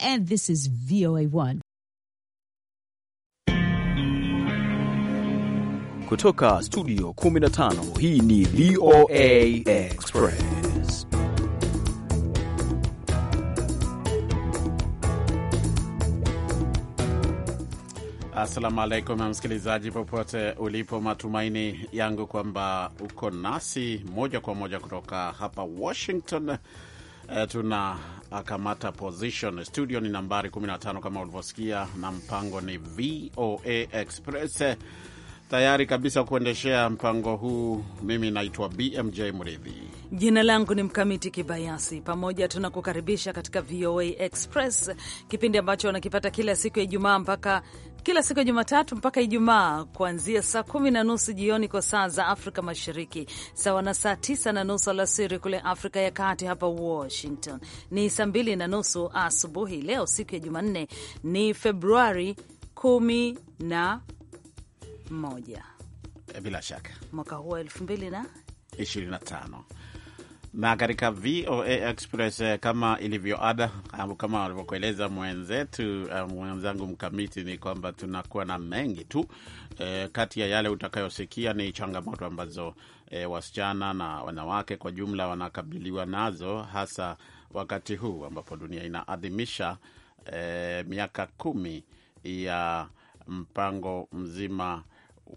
and this is VOA1 kutoka studio 15. Hii ni VOA Express. Assalamu alaikum msikilizaji, popote ulipo, matumaini yangu kwamba uko nasi moja kwa moja kutoka hapa Washington. E, tuna akamata position. Studio ni nambari 15 kama ulivyosikia, na mpango ni VOA Express tayari kabisa kuendeshea mpango huu. Mimi naitwa BMJ Mridhi, jina langu ni Mkamiti Kibayasi. Pamoja tunakukaribisha katika VOA Express, kipindi ambacho unakipata kila siku ya Ijumaa mpaka kila siku ya Jumatatu mpaka Ijumaa kuanzia saa kumi na nusu jioni kwa saa za Afrika Mashariki, sawa na saa tisa na nusu alasiri kule Afrika ya Kati. Hapa Washington ni saa mbili na nusu asubuhi. Leo siku ya Jumanne ni Februari kumi na moja eh, bila shaka mwaka huu elfu mbili na 25 na katika VOA Express eh, kama ilivyo ada, kama walivyokueleza mwenzetu eh, mwenzangu Mkamiti, ni kwamba tunakuwa na mengi tu e, kati ya yale utakayosikia ni changamoto ambazo e, wasichana na wanawake kwa jumla wanakabiliwa nazo, hasa wakati huu ambapo dunia inaadhimisha e, miaka kumi ya mpango mzima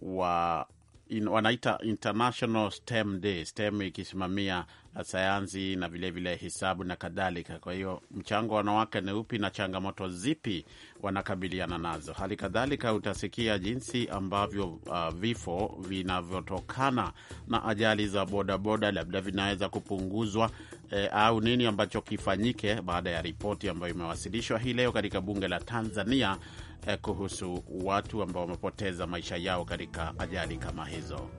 wa in, wanaita International STEM Day, STEM ikisimamia sayansi na vilevile vile hisabu na kadhalika. Kwa hiyo mchango wa wanawake ni upi na changamoto zipi wanakabiliana nazo? Hali kadhalika utasikia jinsi ambavyo uh, vifo vinavyotokana na ajali za bodaboda labda vinaweza kupunguzwa eh, au nini ambacho kifanyike baada ya ripoti ambayo imewasilishwa hii leo katika bunge la Tanzania Eh, kuhusu watu ambao wamepoteza maisha yao katika ajali kama hizo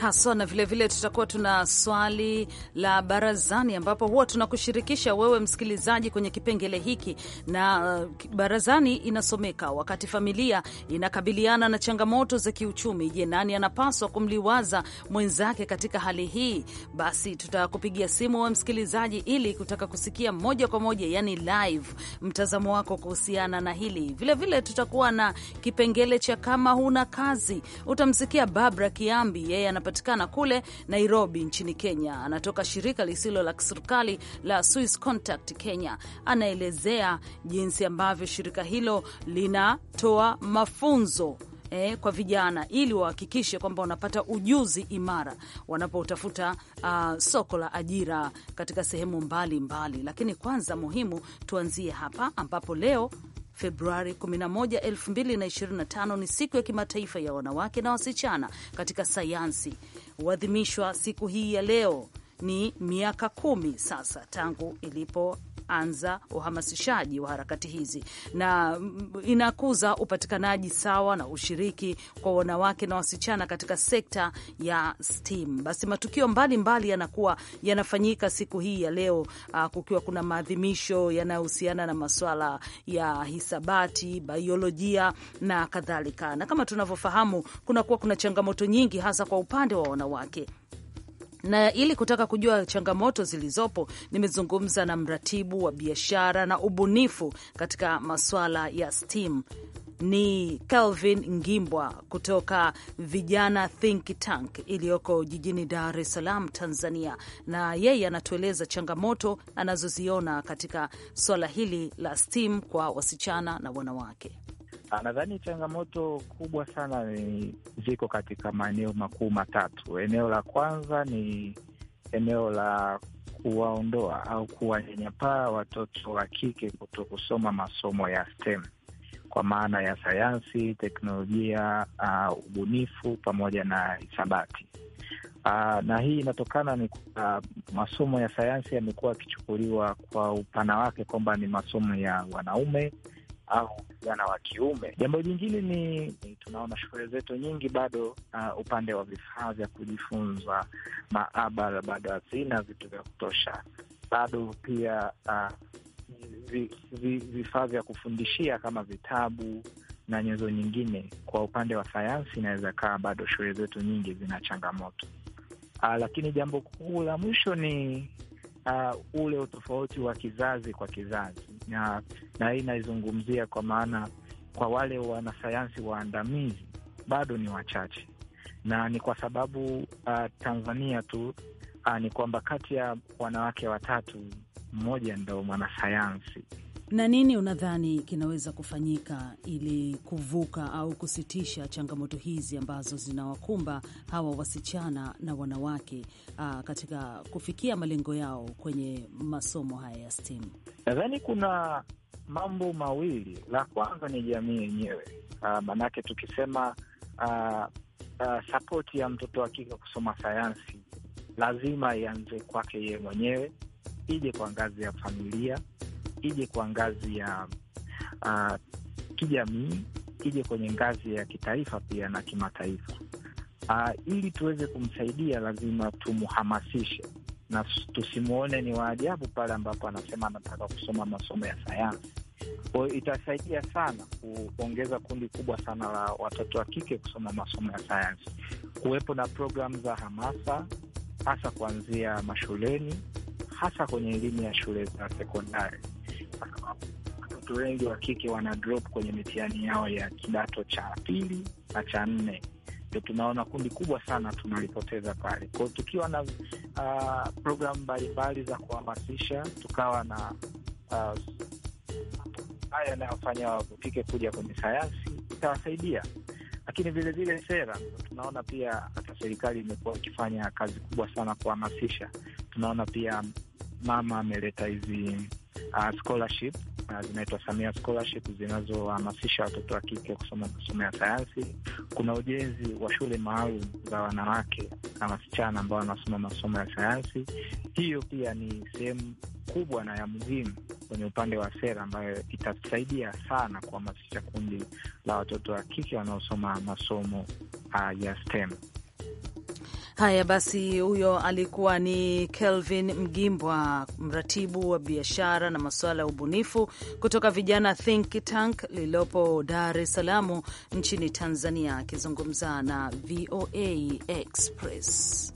haswa na vilevile tutakuwa tuna swali la barazani, ambapo huwa tunakushirikisha wewe msikilizaji kwenye kipengele hiki, na uh, barazani inasomeka: wakati familia inakabiliana na changamoto za kiuchumi, je, nani anapaswa kumliwaza mwenzake katika hali hii? Basi tutakupigia simu wewe msikilizaji, ili kutaka kusikia moja kwa moja, yani live, mtazamo wako kuhusiana na hili. Vilevile tutakuwa na kipengele cha kama huna kazi, utamsikia Babra Kiambi, yeye anapatikana kule Nairobi nchini Kenya. Anatoka shirika lisilo la kiserikali la Swiss Contact Kenya. Anaelezea jinsi ambavyo shirika hilo linatoa mafunzo eh, kwa vijana ili wahakikishe kwamba wanapata ujuzi imara wanapotafuta uh, soko la ajira katika sehemu mbalimbali mbali. Lakini kwanza muhimu tuanzie hapa ambapo leo Februari 11, 2025 ni siku ya kimataifa ya wanawake na wasichana katika sayansi. Huadhimishwa siku hii ya leo, ni miaka kumi sasa tangu ilipo anza uhamasishaji wa harakati hizi na mm, inakuza upatikanaji sawa na ushiriki kwa wanawake na wasichana katika sekta ya STEM. Basi matukio mbalimbali yanakuwa yanafanyika siku hii ya leo, ah, kukiwa kuna maadhimisho yanayohusiana na masuala ya hisabati, biolojia na kadhalika, na kama tunavyofahamu kunakuwa kuna changamoto nyingi hasa kwa upande wa wanawake na ili kutaka kujua changamoto zilizopo, nimezungumza na mratibu wa biashara na ubunifu katika masuala ya STEAM ni Calvin Ngimbwa kutoka Vijana Think Tank iliyoko jijini Dar es Salaam, Tanzania, na yeye anatueleza changamoto anazoziona katika swala hili la STEAM kwa wasichana na wanawake. Ah, nadhani changamoto kubwa sana ni ziko katika maeneo makuu matatu. Eneo la kwanza ni eneo la kuwaondoa au kuwanyanyapaa watoto wa kike kuto kusoma masomo ya STEM kwa maana ya sayansi, teknolojia, uh, ubunifu pamoja na hisabati. Uh, na hii inatokana ni uh, masomo ya sayansi yamekuwa yakichukuliwa kwa upana wake kwamba ni masomo ya wanaume au vijana wa kiume. Jambo jingine ni tunaona shule zetu nyingi bado, uh, upande wa vifaa vya kujifunza, maabara bado hazina vitu vya kutosha, bado pia uh, vi, vi, vifaa vya kufundishia kama vitabu na nyenzo nyingine. Kwa upande wa sayansi, inaweza kaa bado shule zetu nyingi zina changamoto uh, lakini jambo kuu la mwisho ni uh, ule utofauti wa kizazi kwa kizazi na, na hii naizungumzia kwa maana kwa wale wanasayansi waandamizi bado ni wachache, na ni kwa sababu uh, Tanzania tu uh, ni kwamba kati ya wanawake watatu mmoja ndo mwanasayansi na nini unadhani kinaweza kufanyika ili kuvuka au kusitisha changamoto hizi ambazo zinawakumba hawa wasichana na wanawake aa, ah, katika kufikia malengo yao kwenye masomo haya ya STEM? Nadhani kuna mambo mawili. La kwanza ni jamii yenyewe, ah, maanake tukisema aa, ah, Uh, sapoti ya mtoto wa kike kusoma sayansi lazima ianze kwake yeye mwenyewe, ije kwa ngazi ya familia, ije kwa ngazi ya uh, kijamii, ije kwenye ngazi ya kitaifa pia na kimataifa. Uh, ili tuweze kumsaidia lazima tumhamasishe na tusimwone ni waajabu pale ambapo anasema anataka kusoma masomo ya sayansi. Kwa hiyo itasaidia sana kuongeza kundi kubwa sana la watoto wa kike kusoma masomo ya sayansi, kuwepo na programu za hamasa hasa kuanzia mashuleni, hasa kwenye elimu ya shule za sekondari watoto wengi wa kike wana drop kwenye mitihani yao ya kidato cha pili na cha nne. Ndio tunaona kundi kubwa sana tunalipoteza pale kwao, tukiwa na uh, ah, programu mbalimbali za kuhamasisha, tukawa na uh, haya yanayofanya wavutike kuja kwenye sayansi itawasaidia. Lakini vilevile sera, tunaona pia hata serikali imekuwa ikifanya kazi kubwa sana kuhamasisha. Tunaona pia mama ameleta hizi uh, scholarship uh, zinaitwa Samia scholarship zinazohamasisha watoto wa kike kusoma masomo ya sayansi. Kuna ujenzi wa shule maalum za wanawake na wasichana ambao wanasoma masomo ya sayansi. Hiyo pia ni sehemu kubwa na ya muhimu kwenye upande wa sera ambayo itasaidia sana kuhamasisha kundi la watoto wa kike wanaosoma masomo uh, ya STEM. Haya basi, huyo alikuwa ni Kelvin Mgimbwa, mratibu wa biashara na masuala ya ubunifu kutoka Vijana Think Tank lililopo Dar es Salaam nchini Tanzania, akizungumza na VOA Express.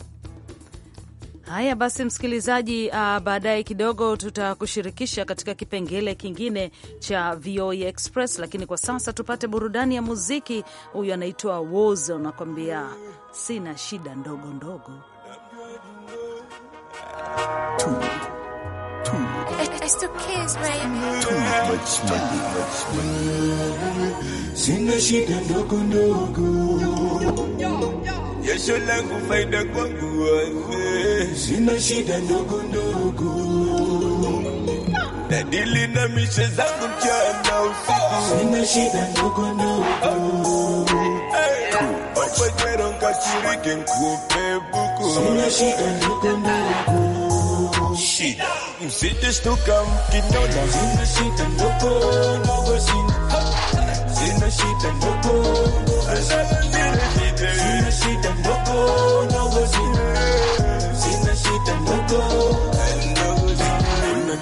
Haya basi, msikilizaji, uh, baadaye kidogo tutakushirikisha katika kipengele kingine cha VOA e Express, lakini kwa sasa tupate burudani ya muziki. Huyu anaitwa Wozo, unakwambia sina shida ndogo ndogo sina shida ndogo ndogo, jasho langu faida kwangu. sina shida ndogo ndogo, nadili na mishe zangu mchana usiku, sina shida ndogo ndogo opajero nkashirike nkupe buku, sina shida ndogo ndogo shida msijeshtuka mkinona, sina shida ndogo ndogo sina sina shida ndogo ndogo sina shida ndogo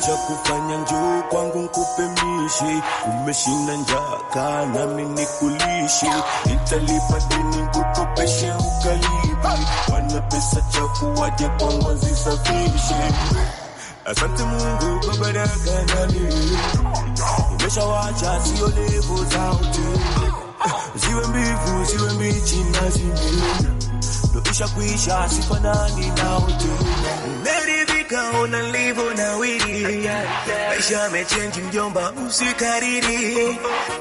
cha kufanya njoo kwangu nkupe mishi, umeshinda njaa, nami nikulishi, nitalipa deni kukopeshe ukalibi, wana pesa cha kuwaja kwangu zisafishe. Asante Mungu kwa baraka nami umeshawacha, sio levo za ziwe mbivu ziwe mbichi na doisha kuisha sifanani na utu umeridhika unalivyo na wili maisha mechenji mjomba usikariri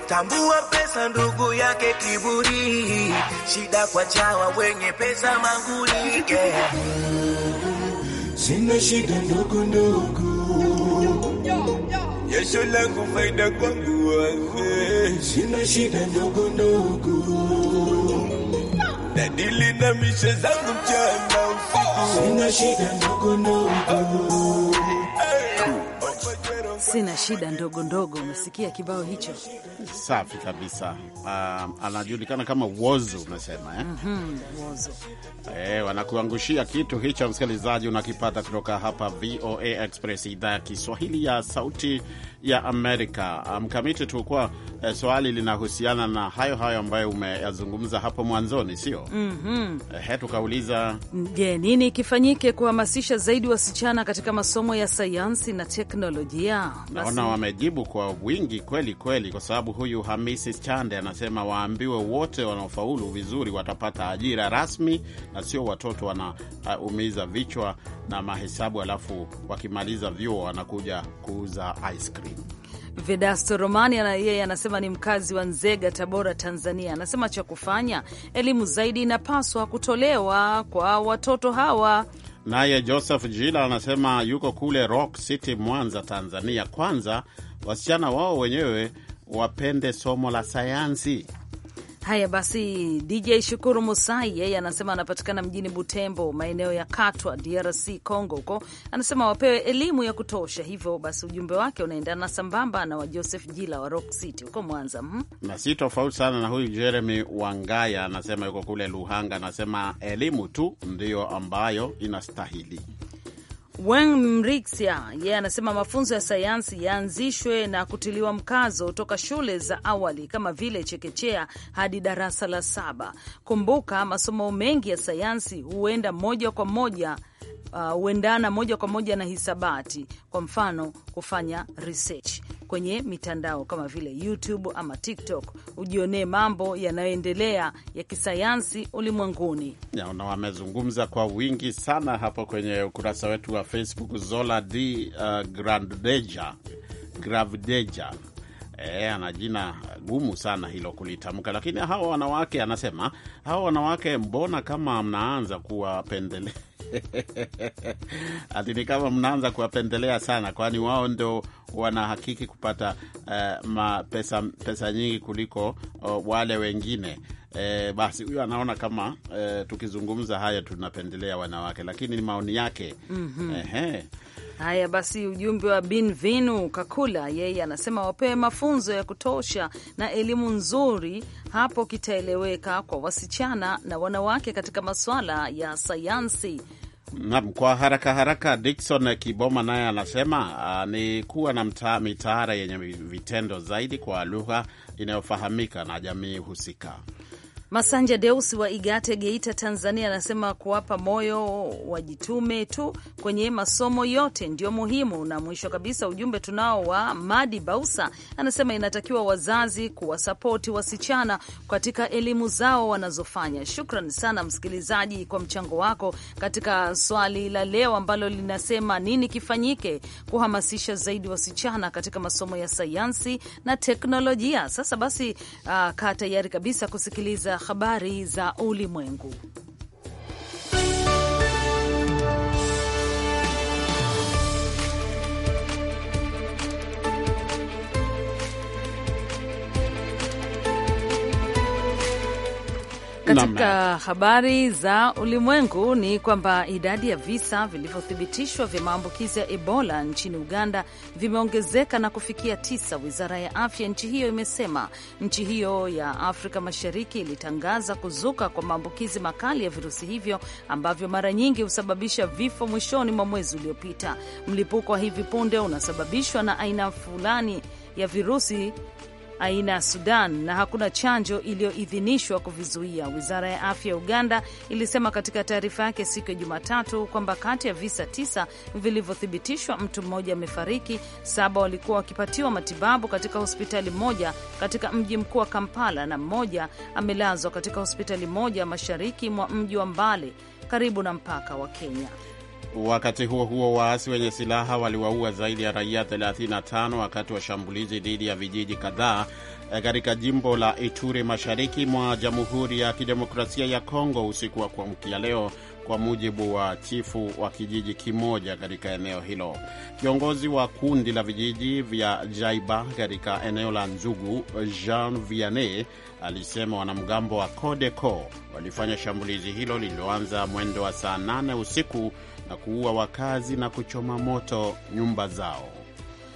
tambua pesa ndugu yake kiburi shida kwa chawa wenye pesa manguli yeah. Sina shida ndogo ndogo Jasho langu faida kwangu wewe Sina shida ndogo ndogo na na mishe zangu mchana usiku, sina shida ndogo ndogo sina shida ndogo ndogo. Umesikia kibao hicho? Safi kabisa. Uh, anajulikana kama Wozo unasema eh? mm -hmm, Wozo eh, wanakuangushia kitu hicho, msikilizaji, unakipata kutoka hapa VOA Express, idhaa ya Kiswahili ya Sauti ya Amerika. Ah, Mkamiti, um, tulikuwa eh, swali linahusiana na hayo hayo ambayo umeyazungumza hapo mwanzoni, sio? mm -hmm. Eh, tukauliza je, nini kifanyike kuhamasisha zaidi wasichana katika masomo ya sayansi na teknolojia? Naona wamejibu kwa wingi kweli kweli, kwa sababu huyu Hamisi Chande anasema waambiwe wote wanaofaulu vizuri watapata ajira rasmi na sio watoto wanaumiza uh, vichwa na mahesabu, alafu wakimaliza vyuo wanakuja kuuza ice cream. Vedasto Romani yeye anasema ni mkazi wa Nzega, Tabora, Tanzania. Anasema cha kufanya, elimu zaidi inapaswa kutolewa kwa watoto hawa. Naye Joseph Jila anasema yuko kule Rock City, Mwanza, Tanzania. Kwanza wasichana wao wenyewe wapende somo la sayansi. Haya basi, DJ Shukuru Musai yeye anasema anapatikana mjini Butembo, maeneo ya Katwa, DRC Congo. Huko anasema wapewe elimu ya kutosha. Hivyo basi, ujumbe wake unaendana sambamba na wa Joseph Jila wa Rock City huko Mwanza, -hmm. na si tofauti sana na huyu Jeremy Wangaya, anasema yuko kule Luhanga, anasema elimu tu ndiyo ambayo inastahili Wen Mrixia yeye anasema mafunzo ya sayansi yaanzishwe na kutiliwa mkazo toka shule za awali kama vile chekechea hadi darasa la saba. Kumbuka masomo mengi ya sayansi huenda moja kwa moja uh, huendana uh, moja kwa moja na hisabati, kwa mfano kufanya research kwenye mitandao kama vile YouTube ama TikTok, ujionee mambo yanayoendelea ya kisayansi ulimwenguni. Na wamezungumza kwa wingi sana hapo kwenye ukurasa wetu wa Facebook. Zola D uh, Grandeja Gravdeja E, ana jina gumu sana hilo kulitamka, lakini hawa wanawake, anasema hawa wanawake, mbona kama mnaanza kuwapendelea ati ni kama mnaanza kuwapendelea sana, kwani wao ndo wanahakiki kupata uh, eh, mapesa, pesa nyingi kuliko uh, wale wengine. E, basi huyo anaona kama e, tukizungumza haya tunapendelea wanawake, lakini ni maoni yake. mm -hmm. Ehe. Haya basi, ujumbe wa Binvinu Kakula, yeye anasema wapewe mafunzo ya kutosha na elimu nzuri, hapo kitaeleweka kwa wasichana na wanawake katika masuala ya sayansi. Naam, kwa haraka haraka, dikson Kiboma naye anasema uh, ni kuwa na mta, yenye vitendo zaidi kwa lugha inayofahamika na jamii husika. Masanja Deusi wa Igate, Geita, Tanzania, anasema kuwapa moyo wajitume tu kwenye masomo yote ndio muhimu. Na mwisho kabisa ujumbe tunao wa Madi Bausa, anasema inatakiwa wazazi kuwasapoti wasichana katika elimu zao wanazofanya. Shukran sana msikilizaji kwa mchango wako katika swali la leo ambalo linasema nini kifanyike kuhamasisha zaidi wasichana katika masomo ya sayansi na teknolojia. Sasa basi, uh, kaa tayari kabisa kusikiliza habari za ulimwengu. Katika habari za ulimwengu ni kwamba idadi ya visa vilivyothibitishwa vya maambukizi ya Ebola nchini Uganda vimeongezeka na kufikia tisa, wizara ya afya nchi hiyo imesema. Nchi hiyo ya Afrika Mashariki ilitangaza kuzuka kwa maambukizi makali ya virusi hivyo ambavyo mara nyingi husababisha vifo mwishoni mwa mwezi uliopita. Mlipuko wa hivi punde unasababishwa na aina fulani ya virusi aina ya Sudan na hakuna chanjo iliyoidhinishwa kuvizuia. Wizara ya afya ya Uganda ilisema katika taarifa yake siku ya Jumatatu kwamba kati ya visa tisa vilivyothibitishwa, mtu mmoja amefariki, saba walikuwa wakipatiwa matibabu katika hospitali moja katika mji mkuu wa Kampala na mmoja amelazwa katika hospitali moja mashariki mwa mji wa Mbale karibu na mpaka wa Kenya. Wakati huo huo, waasi wenye silaha waliwaua zaidi ya raia 35 wakati wa shambulizi dhidi ya vijiji kadhaa eh, katika jimbo la Ituri mashariki mwa Jamhuri ya Kidemokrasia ya Kongo usiku wa kuamkia leo, kwa mujibu wa chifu wa kijiji kimoja katika eneo hilo. Kiongozi wa kundi la vijiji vya Jaiba katika eneo la Nzugu, Jean Vianney, alisema wanamgambo wa Codeco walifanya shambulizi hilo lililoanza mwendo wa saa 8 usiku na kuua wakazi na kuchoma moto nyumba zao.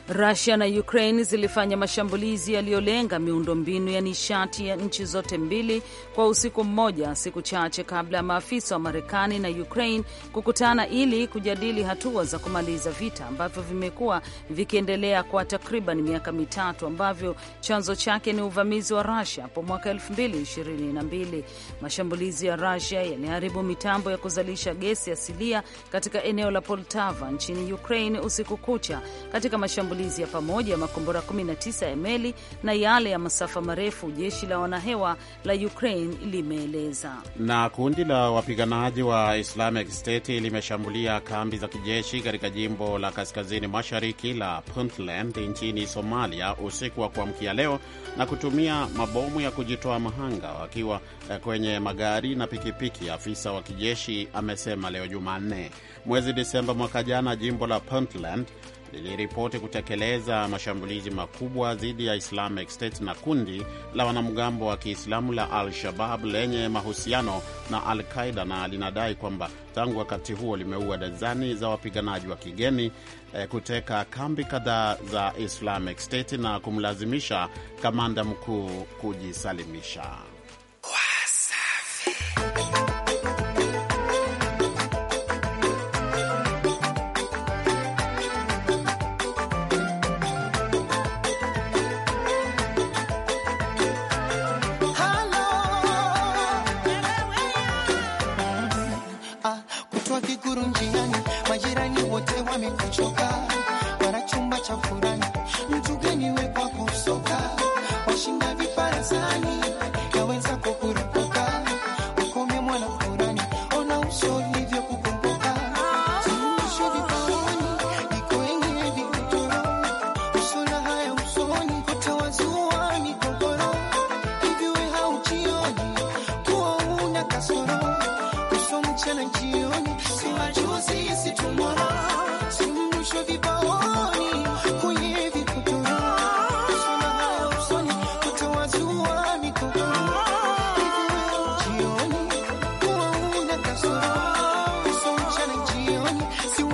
Rusia na Ukraine zilifanya mashambulizi yaliyolenga miundombinu ya nishati ya nchi zote mbili kwa usiku mmoja, siku chache kabla ya maafisa wa Marekani na Ukraine kukutana ili kujadili hatua za kumaliza vita ambavyo vimekuwa vikiendelea kwa takriban miaka mitatu, ambavyo chanzo chake ni uvamizi wa Rusia hapo mwaka 2022. Mashambulizi ya Rusia yaliharibu mitambo ya kuzalisha gesi asilia katika eneo la Poltava nchini Ukraine usiku kucha katika mashambulizi mashambulizi ya pamoja ya makombora 19 ya meli na yale ya masafa marefu, jeshi la wanahewa la Ukraine limeeleza. Na kundi la wapiganaji wa Islamic State limeshambulia kambi za kijeshi katika jimbo la kaskazini mashariki la Puntland nchini Somalia usiku wa kuamkia leo na kutumia mabomu ya kujitoa mahanga wakiwa eh, kwenye magari na pikipiki, afisa wa kijeshi amesema leo Jumanne. Mwezi Disemba mwaka jana, jimbo la Puntland liliripoti kutekeleza mashambulizi makubwa dhidi ya Islamic State na kundi la wanamgambo wa Kiislamu la Al-Shabab lenye mahusiano na Al-Qaida na linadai kwamba tangu wakati huo limeua dazani za wapiganaji wa kigeni eh, kuteka kambi kadhaa za Islamic State na kumlazimisha kamanda mkuu kujisalimisha.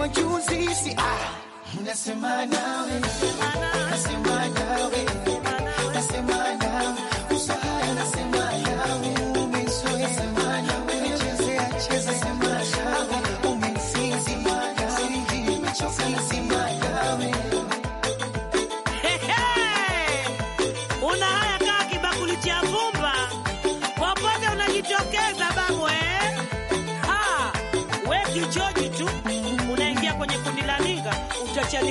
juzi, si unasema ah, nawe, nasema nawe, nasema nawe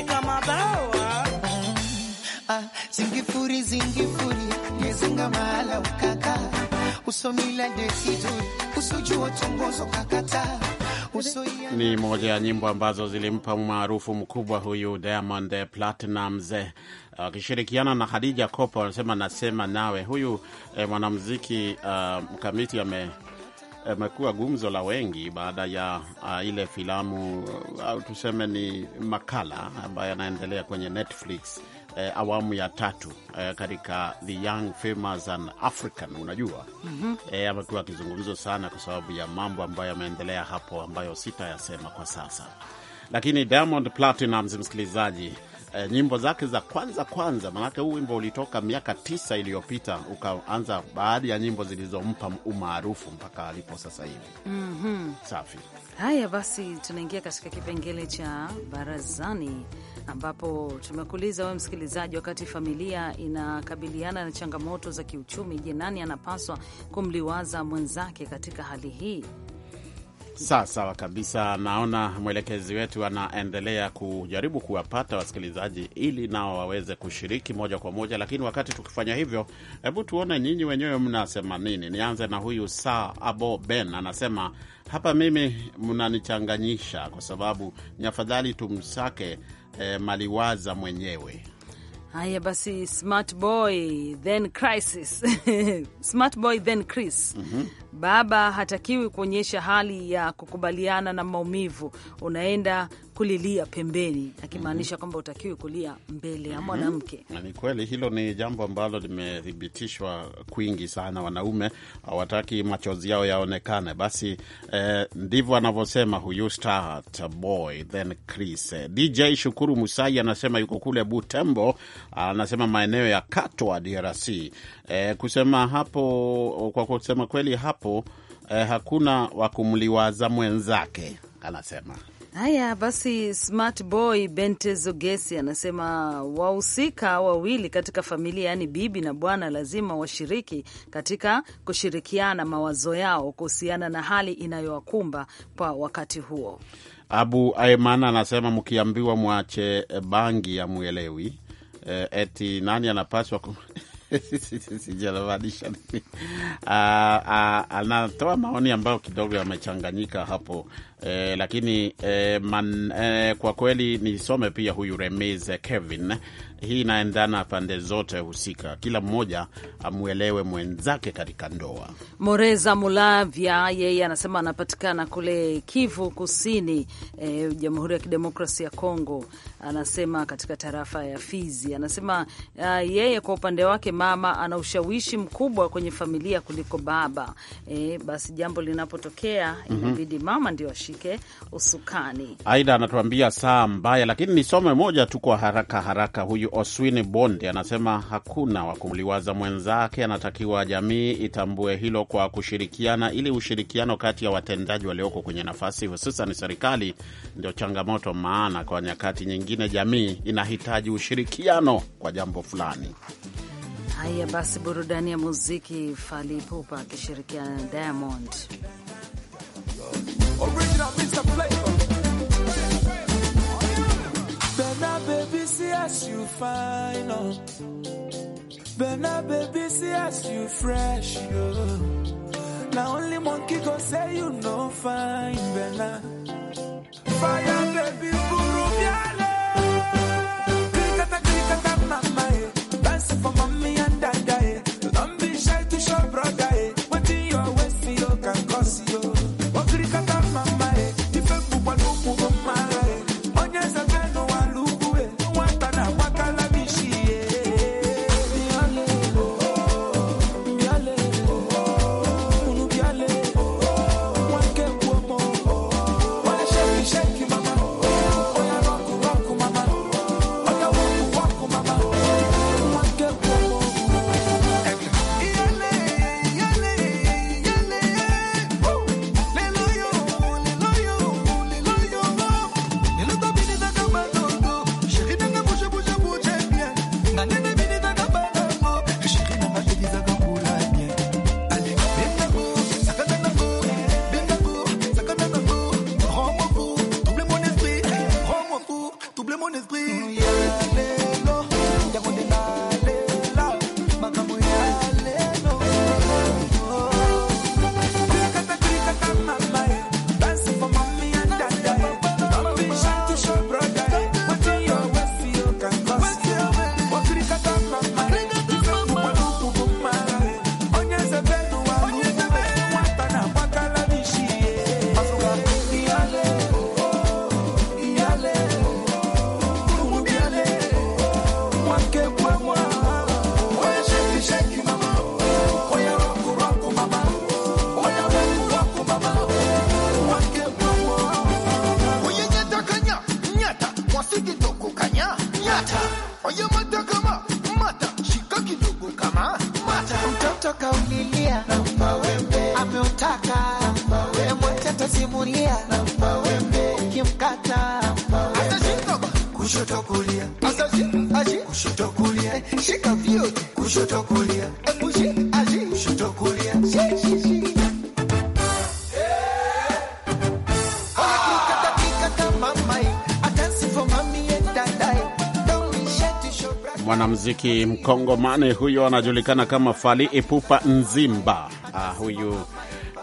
kama ah, ah, zingifuri zingifuri mahala ukaka usomila usujua kakata ni moja ya nyimbo ambazo zilimpa umaarufu mkubwa huyu Diamond Platnumz akishirikiana uh, na Khadija Kopa, wanasema nasema nawe. Huyu eh, mwanamuziki uh, mkamiti ame imekuwa gumzo la wengi baada ya uh, ile filamu uh, au uh, tuseme ni makala ambayo yanaendelea kwenye Netflix uh, awamu ya tatu uh, katika The Young Famous and African unajua, mm -hmm. uh, amekuwa akizungumzwa sana kwa sababu ya mambo ambayo yameendelea hapo ambayo sitayasema kwa sasa, lakini Diamond Platinumz msikilizaji e, nyimbo zake za kwanza kwanza, manake huu wimbo ulitoka miaka tisa iliyopita, ukaanza baadhi ya nyimbo zilizompa umaarufu mpaka alipo sasa hivi. mm -hmm. Safi. Haya basi, tunaingia katika kipengele cha barazani ambapo tumekuuliza wewe msikilizaji, wakati familia inakabiliana na changamoto za kiuchumi, je, nani anapaswa kumliwaza mwenzake katika hali hii? Sawa sawa kabisa. Naona mwelekezi wetu anaendelea kujaribu kuwapata wasikilizaji ili nao waweze kushiriki moja kwa moja, lakini wakati tukifanya hivyo, hebu tuone nyinyi wenyewe mnasema nini. Nianze na huyu Sa Abo Ben, anasema hapa mimi mnanichanganyisha, kwa sababu ni afadhali tumsake eh, maliwaza mwenyewe Haya basi, smart boy then crisis smart boy then Chris. mm -hmm. Baba hatakiwi kuonyesha hali ya kukubaliana na maumivu, unaenda kulilia pembeni, akimaanisha mm -hmm. kwamba utakiwe kulia mbele ya mhm. mwanamke mm -hmm. Ni kweli hilo, ni jambo ambalo limethibitishwa kwingi sana. Wanaume hawataki machozi yao yaonekane. Basi eh, ndivyo anavyosema huyu start boy then Chris DJ Shukuru Musai anasema yuko kule Butembo, anasema maeneo ya Katwa, DRC. Eh, kusema hapo, kwa kusema kweli hapo eh, hakuna wakumliwaza mwenzake, anasema Haya basi, Smart Boy Bentezogesi anasema wahusika wawili katika familia, yaani bibi na bwana, lazima washiriki katika kushirikiana mawazo yao kuhusiana na hali inayowakumba kwa wakati huo. Abu Aiman anasema mkiambiwa mwache bangi ya mwelewi e, eh, eti nani anapaswa kum... sijalamaanisha nini? Ah, ah, anatoa maoni ambayo kidogo yamechanganyika hapo e, lakini e, man, e, kwa kweli nisome pia huyu Remiz Kevin. Hii inaendana pande zote husika, kila mmoja amwelewe mwenzake katika ndoa. Moreza Mulavya yeye anasema anapatikana kule Kivu Kusini, e, Jamhuri ya Kidemokrasi ya Kongo, anasema katika tarafa ya Fizi. Anasema uh, yeye kwa upande wake mama ana ushawishi mkubwa kwenye familia kuliko baba. E, basi jambo linapotokea mhm. inabidi mm -hmm. mama ndio ushike usukani. Aidha anatuambia saa mbaya, lakini nisome moja tu kwa haraka haraka. Huyu Oswini Bonde anasema hakuna wa kumliwaza mwenzake, anatakiwa jamii itambue hilo kwa kushirikiana, ili ushirikiano kati ya watendaji walioko kwenye nafasi hususan serikali ndio changamoto, maana kwa nyakati nyingine jamii inahitaji ushirikiano kwa jambo fulani. Haya basi, burudani ya muziki, Fally akishirikiana na Diamond. Original Mr. baby, see as you fine on. baby, see as you fresh Now only monkey go say you no fine Bena. Fire baby, buru biale. Kikata kikata mama, dance for mommy and daddy. Mwanamziki mkongomani huyo anajulikana kama Fali Ipupa Nzimba. Ah, huyu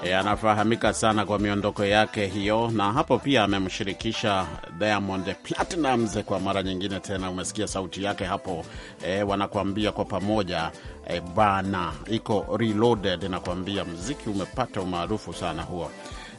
E, anafahamika sana kwa miondoko yake hiyo, na hapo pia amemshirikisha Diamond Platnumz kwa mara nyingine tena. Umesikia sauti yake hapo e, wanakuambia kwa pamoja e, bana iko reloaded, nakuambia mziki umepata umaarufu sana huo.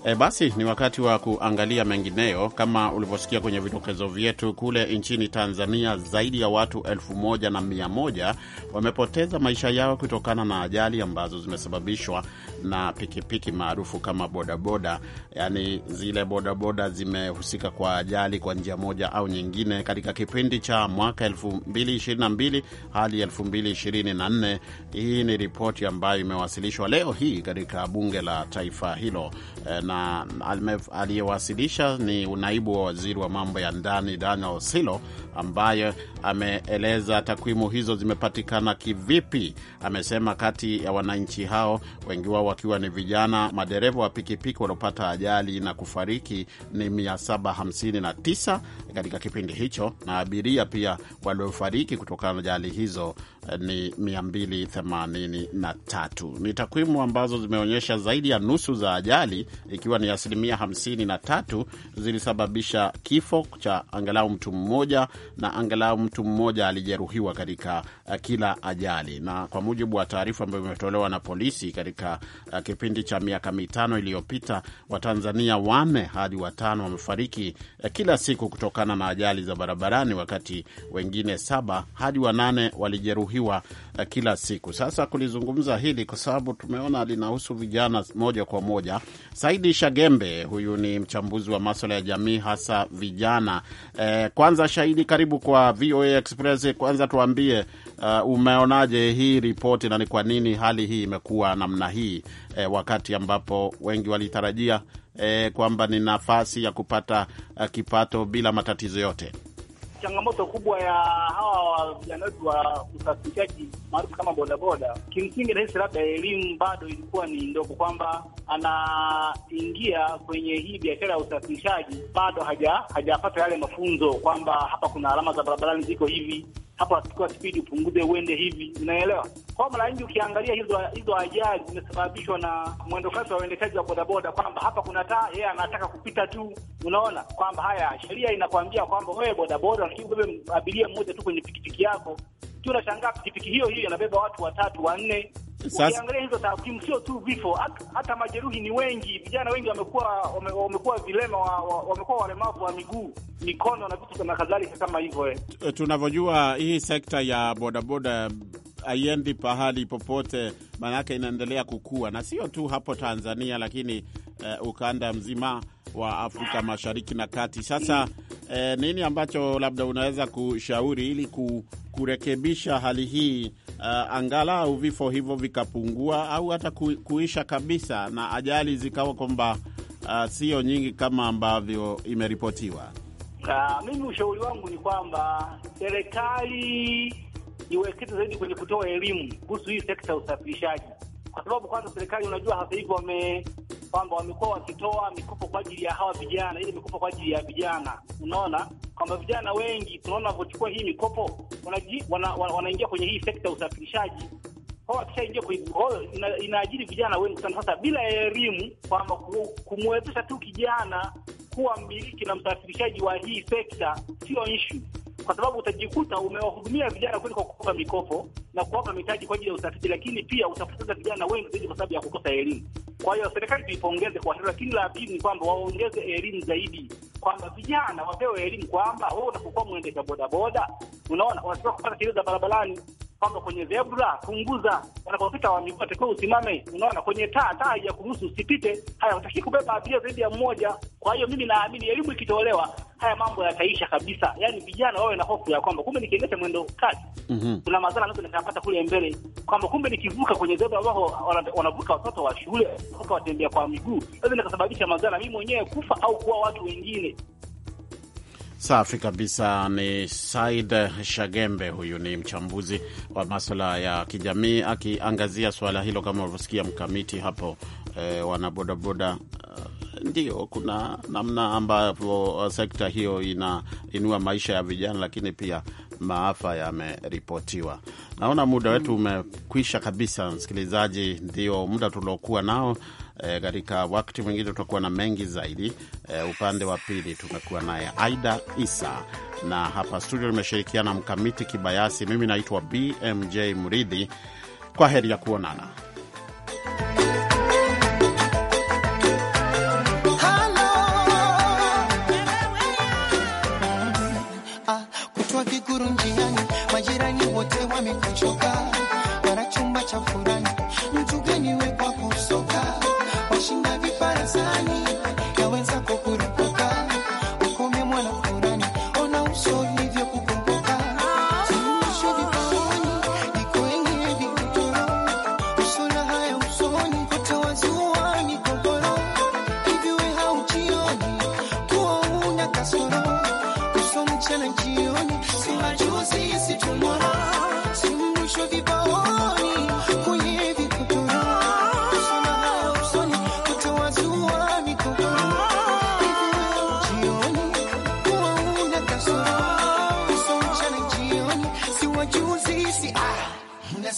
E, basi ni wakati wa kuangalia mengineyo. Kama ulivyosikia kwenye vidokezo vyetu, kule nchini Tanzania zaidi ya watu elfu moja na mia moja wamepoteza maisha yao kutokana na ajali ambazo zimesababishwa na pikipiki maarufu kama bodaboda, yani zile bodaboda zimehusika kwa ajali kwa njia moja au nyingine katika kipindi cha mwaka 2022 hadi 2024. Hii ni ripoti ambayo imewasilishwa leo hii katika bunge la taifa hilo e, na na aliyewasilisha ni naibu wa waziri wa mambo ya ndani Daniel Silo, ambaye ameeleza takwimu hizo zimepatikana kivipi. Amesema kati ya wananchi hao, wengi wao wakiwa ni vijana madereva wa pikipiki waliopata ajali na kufariki ni 759 katika kipindi hicho, na abiria pia waliofariki kutokana na ajali hizo ni 283. Ni takwimu ambazo zimeonyesha zaidi ya nusu za ajali ikiwa ni asilimia 53 zilisababisha kifo cha angalau mtu mmoja na angalau mtu mmoja alijeruhiwa katika eh, kila ajali. Na kwa mujibu wa taarifa ambayo imetolewa na polisi katika eh, kipindi cha miaka mitano iliyopita, Watanzania wanne hadi watano wamefariki eh, kila siku kutokana na ajali za barabarani, wakati wengine saba hadi wanane walijeruhiwa kila siku. Sasa kulizungumza hili kwa sababu tumeona linahusu vijana moja kwa moja, Saidi Elisha Gembe, huyu ni mchambuzi wa maswala ya jamii hasa vijana. E, kwanza Shahidi, karibu kwa VOA Express. Kwanza tuambie, uh, umeonaje hii ripoti na ni kwa nini hali hii imekuwa namna hii e, wakati ambapo wengi walitarajia e, kwamba ni nafasi ya kupata uh, kipato bila matatizo yote? changamoto kubwa ya hawa vijana wetu wa usafirishaji maarufu kama bodaboda, kimsingi rahisi, labda elimu bado ilikuwa ni ndogo, kwamba anaingia kwenye hii biashara ya usafirishaji bado haja hajapata yale mafunzo kwamba hapa kuna alama za barabarani ziko hivi hapa chukua spidi upunguze, uende hivi, unaelewa. Kwa mara nyingi ukiangalia hizo hizo ajali zimesababishwa na mwendokasi wa uendeshaji wa bodaboda, kwamba hapa kuna taa, yeye anataka kupita tu. Unaona kwamba haya sheria inakwambia kwamba wewe bodaboda unatakiwa ubebe abiria mmoja tu kwenye pikipiki yako sio, unashangaa pikipiki hiyo hiyo inabeba watu watatu wanne. Ukiangalia hizo takwimu, sio tu vifo, hata majeruhi ni wengi. Vijana wengi wamekuwa wamekuwa vilema, wamekuwa walemavu wa miguu, mikono na vitu na kadhalika kama hivyo. Eh. Tunavyojua hii sekta ya bodaboda haiendi pahali popote, maanake inaendelea kukua na sio tu hapo Tanzania, lakini uh, ukanda mzima wa Afrika Mashariki na Kati. Sasa eh, nini ambacho labda unaweza kushauri ili kurekebisha hali hii uh, angalau vifo hivyo vikapungua au hata kuisha kabisa na ajali zikawa kwamba uh, sio nyingi kama ambavyo imeripotiwa? Uh, mimi ushauri wangu ni kwamba serikali iwekeze zaidi kwenye kutoa elimu kuhusu hii sekta ya usafirishaji, kwa sababu kwanza serikali unajua hasa hivi wame kwamba wamekuwa wakitoa mikopo kwa ajili ya hawa vijana, ile mikopo kwa ajili ya vijana. Unaona kwamba vijana wengi tunaona wanavyochukua hii mikopo wanaingia wana, wana, wanaingia kwenye hii sekta ya usafirishaji kwa wakishaingia ina, inaajiri vijana wengi sana. Sasa bila elimu kwamba kumwezesha tu kijana kuwa mmiliki na msafirishaji wa hii sekta sio ishu kwa sababu utajikuta umewahudumia vijana kweli kwa kukopa mikopo na kuwapa mitaji kwa ajili ya utafiti, lakini pia utapoteza vijana wengi zaidi kwa sababu ya kukosa elimu. Kwa hiyo serikali tuipongeze kwa hilo, lakini la pili ni kwamba waongeze elimu zaidi, kwamba vijana wapewe elimu kwamba wewe unapokuwa mwendesha bodaboda, unaona, wasiwa kupata kelele za barabarani kwamba kwenye zebra punguza, wanapopita watakiwa usimame. Unaona, kwenye taa, taa ya kuruhusu usipite. Haya, utaki kubeba abiria zaidi ya mmoja. Kwa hiyo mimi naamini elimu ikitolewa, haya mambo yataisha kabisa, yaani vijana wawe na hofu ya kwamba kumbe nikiendesha mwendo kasi mm -hmm. kuna madhara naweza nikapata kule mbele, kwamba kumbe nikivuka kwenye zebra ambao wanavuka watoto wa shule, watembea kwa miguu, naweza nikasababisha madhara mimi mwenyewe kufa au kuwa watu wengine. Safi kabisa. Ni Said Shagembe, huyu ni mchambuzi wa maswala ya kijamii akiangazia suala hilo kama ulivyosikia mkamiti hapo. E, wanabodaboda eh, ndio kuna namna ambavyo uh, sekta hiyo inainua maisha ya vijana, lakini pia maafa yameripotiwa. Naona muda wetu umekwisha kabisa, msikilizaji, ndio muda tuliokuwa nao Eh, katika e, wakati mwingine tutakuwa na mengi zaidi. E, upande wa pili tumekuwa naye Aida Isa na hapa studio limeshirikiana Mkamiti Kibayasi. Mimi naitwa BMJ Muridhi. Kwa heri ya kuonana.